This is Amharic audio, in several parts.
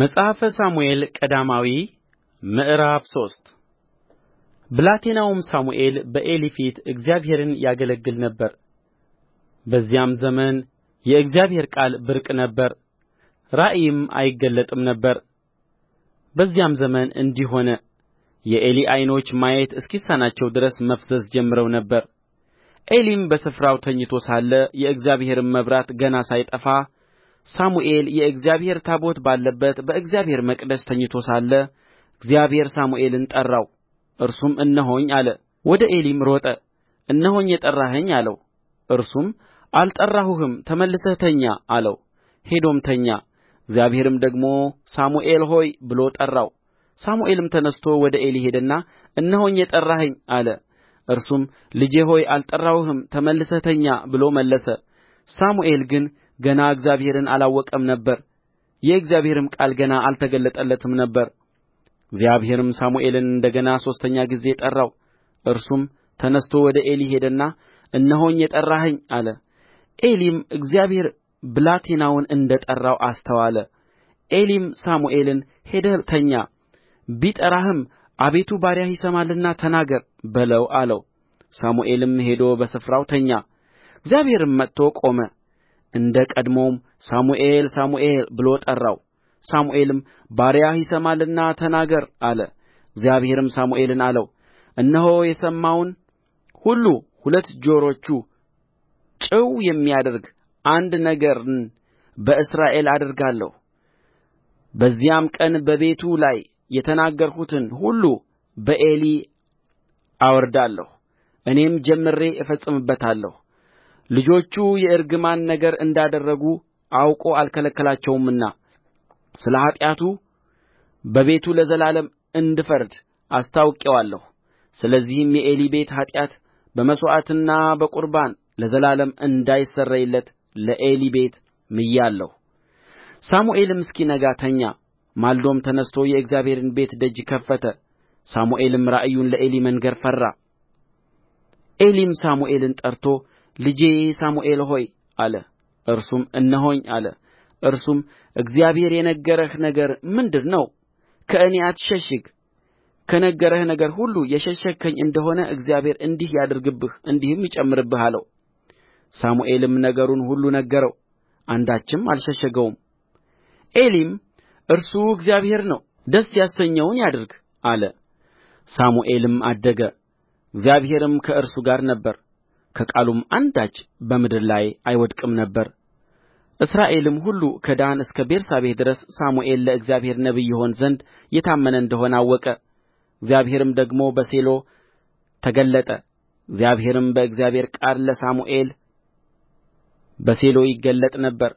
መጽሐፈ ሳሙኤል ቀዳማዊ ምዕራፍ ሶስት ብላቴናውም ሳሙኤል በዔሊ ፊት እግዚአብሔርን ያገለግል ነበር። በዚያም ዘመን የእግዚአብሔር ቃል ብርቅ ነበር፣ ራእይም አይገለጥም ነበር። በዚያም ዘመን እንዲህ ሆነ፣ የዔሊ ዐይኖች ማየት እስኪሳናቸው ድረስ መፍዘዝ ጀምረው ነበር። ዔሊም በስፍራው ተኝቶ ሳለ የእግዚአብሔርም መብራት ገና ሳይጠፋ ሳሙኤል የእግዚአብሔር ታቦት ባለበት በእግዚአብሔር መቅደስ ተኝቶ ሳለ እግዚአብሔር ሳሙኤልን ጠራው እርሱም እነሆኝ አለ ወደ ዔሊም ሮጠ እነሆኝ የጠራኸኝ አለው እርሱም አልጠራሁህም ተመልሰህ ተኛ አለው ሄዶም ተኛ እግዚአብሔርም ደግሞ ሳሙኤል ሆይ ብሎ ጠራው ሳሙኤልም ተነሥቶ ወደ ዔሊ ሄደና እነሆኝ የጠራኸኝ አለ እርሱም ልጄ ሆይ አልጠራሁህም ተመልሰህ ተኛ ብሎ መለሰ ሳሙኤል ግን ገና እግዚአብሔርን አላወቀም ነበር የእግዚአብሔርም ቃል ገና አልተገለጠለትም ነበር እግዚአብሔርም ሳሙኤልን እንደ ገና ሦስተኛ ጊዜ ጠራው እርሱም ተነሥቶ ወደ ዔሊ ሄደና እነሆኝ የጠራኸኝ አለ ዔሊም እግዚአብሔር ብላቴናውን እንደ ጠራው አስተዋለ ዔሊም ሳሙኤልን ሄደህ ተኛ ቢጠራህም አቤቱ ባሪያህ ይሰማልና ተናገር በለው አለው ሳሙኤልም ሄዶ በስፍራው ተኛ እግዚአብሔርም መጥቶ ቆመ እንደ ቀድሞውም ሳሙኤል ሳሙኤል ብሎ ጠራው ሳሙኤልም ባሪያህ ይሰማልና ተናገር አለ እግዚአብሔርም ሳሙኤልን አለው እነሆ የሰማውን ሁሉ ሁለት ጆሮቹ ጭው የሚያደርግ አንድ ነገርን በእስራኤል አደርጋለሁ በዚያም ቀን በቤቱ ላይ የተናገርሁትን ሁሉ በዔሊ አወርዳለሁ እኔም ጀምሬ እፈጽምበታለሁ ልጆቹ የእርግማን ነገር እንዳደረጉ አውቆ አልከለከላቸውምና ስለ ኃጢአቱ በቤቱ ለዘላለም እንድፈርድ አስታውቄዋለሁ። ስለዚህም የዔሊ ቤት ኃጢአት በመሥዋዕትና በቁርባን ለዘላለም እንዳይሰረይለት ለዔሊ ቤት ምያለሁ። ሳሙኤልም እስኪነጋ ተኛ። ማልዶም ተነሥቶ የእግዚአብሔርን ቤት ደጅ ከፈተ። ሳሙኤልም ራእዩን ለዔሊ መንገር ፈራ። ዔሊም ሳሙኤልን ጠርቶ ልጄ ሳሙኤል ሆይ አለ እርሱም እነሆኝ አለ እርሱም እግዚአብሔር የነገረህ ነገር ምንድር ነው ከእኔ አትሸሽግ ከነገረህ ነገር ሁሉ የሸሸግኸኝ እንደሆነ እግዚአብሔር እንዲህ ያድርግብህ እንዲህም ይጨምርብህ አለው ሳሙኤልም ነገሩን ሁሉ ነገረው አንዳችም አልሸሸገውም ዔሊም እርሱ እግዚአብሔር ነው ደስ ያሰኘውን ያድርግ አለ ሳሙኤልም አደገ እግዚአብሔርም ከእርሱ ጋር ነበረ ከቃሉም አንዳች በምድር ላይ አይወድቅም ነበር እስራኤልም ሁሉ ከዳን እስከ ቤርሳቤህ ድረስ ሳሙኤል ለእግዚአብሔር ነቢይ ይሆን ዘንድ የታመነ እንደ ሆነ አወቀ እግዚአብሔርም ደግሞ በሴሎ ተገለጠ እግዚአብሔርም በእግዚአብሔር ቃል ለሳሙኤል በሴሎ ይገለጥ ነበር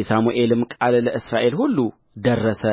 የሳሙኤልም ቃል ለእስራኤል ሁሉ ደረሰ